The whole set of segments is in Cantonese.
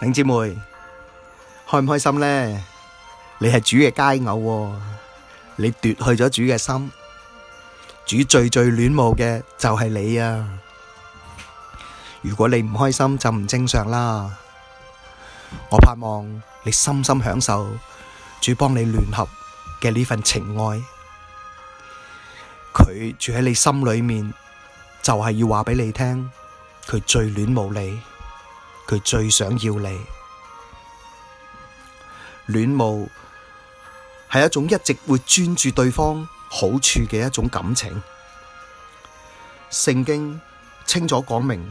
靈姐妹，開唔開心呢？你係主嘅佳偶，哦，你奪去咗主嘅心，主最最戀慕嘅就係你啊！如果你唔開心，就唔正常啦。我盼望你深深享受主幫你聯合嘅呢份情愛，佢住喺你心裏面，就係、是、要話畀你聽，佢最戀慕你。佢最想要你，戀慕係一種一直會專注對方好處嘅一種感情。聖經清楚講明，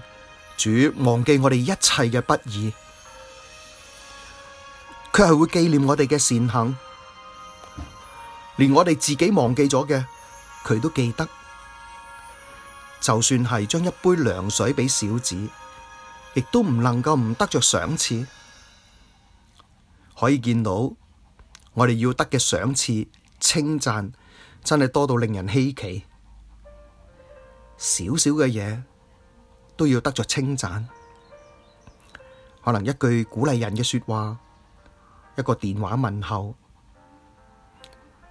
主忘記我哋一切嘅不義，佢係會紀念我哋嘅善行，連我哋自己忘記咗嘅，佢都記得。就算係將一杯涼水俾小子。亦都唔能夠唔得着賞賜，可以見到我哋要得嘅賞賜、稱讚，真係多到令人稀奇。少少嘅嘢，都要得着稱讚，可能一句鼓勵人嘅說話，一個電話問候，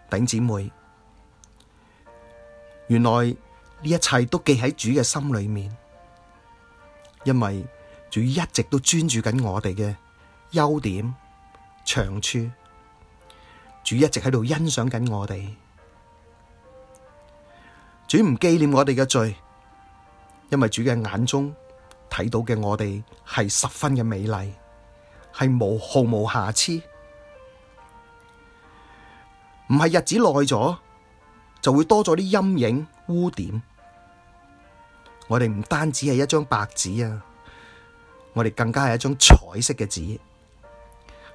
頂姊妹，原來呢一切都記喺主嘅心裏面，因為。主一直都專注緊我哋嘅優點、長處，主一直喺度欣賞緊我哋。主唔紀念我哋嘅罪，因為主嘅眼中睇到嘅我哋係十分嘅美麗，係無毫無瑕疵。唔係日子耐咗，就會多咗啲陰影、污點。我哋唔單止係一張白紙啊！我哋更加係一張彩色嘅紙，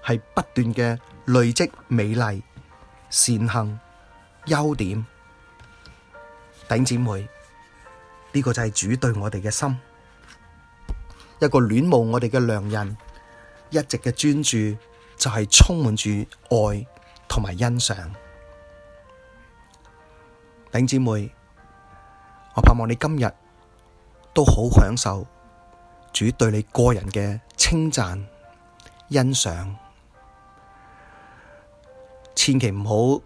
係不斷嘅累積美麗、善行、優點。頂姐妹，呢、這個就係主對我哋嘅心，一個戀慕我哋嘅良人，一直嘅專注就係充滿住愛同埋欣賞。頂姐妹，我盼望你今日都好享受，主對你個人嘅稱讚、欣賞，千祈唔好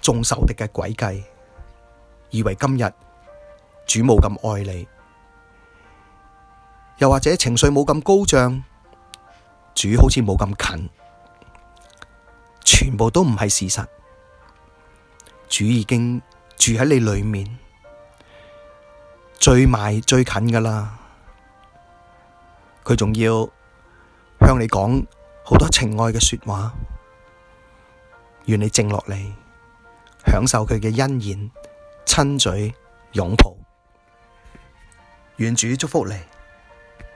中仇敵嘅詭計，以為今日主冇咁愛你，又或者情緒冇咁高漲，主好似冇咁近，全部都唔係事實。主已經住喺你裏面，最埋最近㗎喇。佢仲要向你講好多情愛嘅說話，願你靜落嚟，享受佢嘅恩言、親嘴、擁抱，願主祝福你。